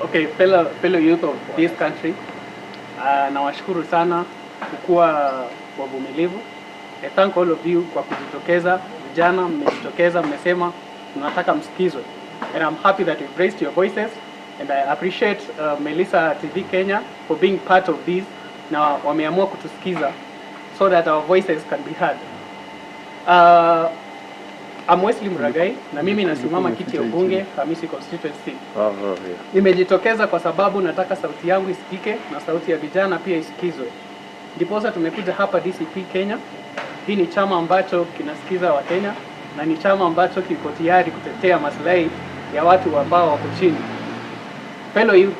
Okay, fellow, fellow youth of this country, uh, nawashukuru sana kukuwa wavumilivu. I thank all of you kwa kujitokeza. Vijana mmejitokeza, mmesema tunataka msikizwe, and I'm happy that you've raised your voices and I appreciate uh, Melissa TV Kenya for being part of this, na wameamua kutusikiza so that our voices can be heard. Uh, I'm Wesley Muragai na mimi nasimama kiti ya ubunge Hamisi constituency. Nimejitokeza kwa sababu nataka sauti yangu isikike na sauti ya vijana pia isikizwe. Ndiposa tumekuja hapa DCP Kenya. Hii ni chama ambacho kinasikiza Wakenya na ni chama ambacho kiko tayari kutetea maslahi ya watu ambao wako chini. Fellow youth,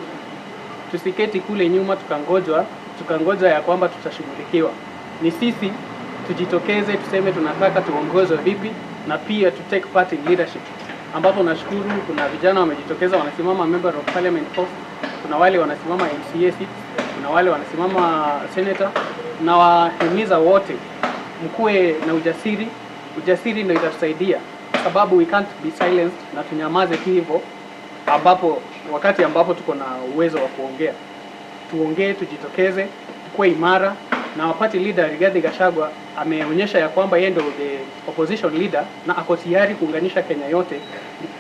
tusiketi kule nyuma tukangojwa, tukangoja ya kwamba tutashughulikiwa. Ni sisi tujitokeze, tuseme tunataka tuongozwe vipi na pia to take part in leadership, ambapo nashukuru kuna vijana wamejitokeza wanasimama member of parliament post, kuna wale wanasimama MCA seat, kuna wale wanasimama senator, na wahimiza wote mkuwe na ujasiri. Ujasiri ndio itatusaidia sababu we can't be silenced, na tunyamaze tu hivyo, ambapo wakati ambapo tuko na uwezo wa kuongea, tuongee, tujitokeze, tukuwe imara na wapati leader Rigathi Gachagua ameonyesha ya kwamba yeye ndio the opposition leader na ako tayari kuunganisha Kenya yote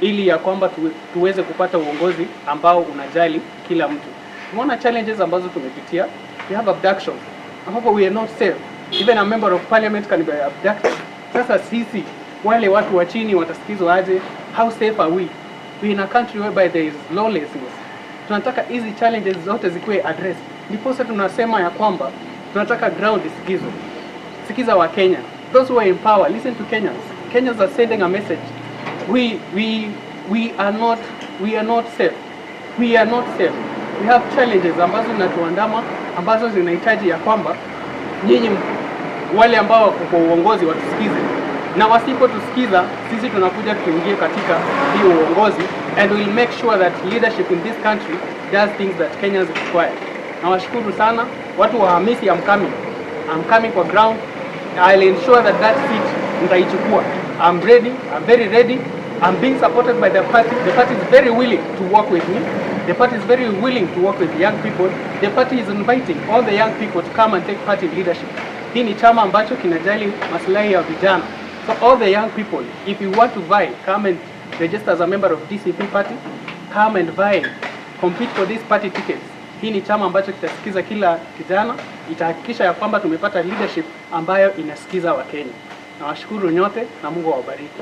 ili ya kwamba tuweze kupata uongozi ambao unajali kila mtu. Tumeona challenges ambazo tumepitia. We have abduction. Ambapo we are not safe. Even a member of parliament can be abducted. Sasa sisi wale watu wa chini watasikizwa aje? How safe are we? We in a country whereby there is lawlessness. Tunataka hizi challenges zote zikuwe addressed. Ndipo sasa tunasema ya kwamba tunataka ground isikizwe. Sikiza wa Kenya, those who are in power, listen to Kenyans. Kenyans are sending a message. We, we, we, are not, we are not safe. We are not safe. We have challenges ambazo zinatuandama ambazo zinahitaji ya kwamba nyinyi wale ambao wako kwa uongozi watusikize, na wasipotusikiza sisi tunakuja tuingie katika hiyo uongozi, and we'll make sure that leadership in this country does things that Kenyans require. Nawashukuru sana watu wa Hamisi. I'm coming, I'm coming kwa ground. I'll ensure that that seat nitaichukua. I'm ready, I'm very ready. I'm being supported by the party. The party is very willing to work with me. The party is very willing to work with young people. The party is inviting all the young people to come and take part in leadership. Hii ni chama ambacho kinajali maslahi ya vijana. So all the young people, if you want to vie, come and register as a member of DCP party. Come and vie. Compete for these party tickets. Hii ni chama ambacho kitasikiza kila kijana, itahakikisha ya kwamba tumepata leadership ambayo inasikiza Wakenya. Nawashukuru nyote na Mungu awabariki.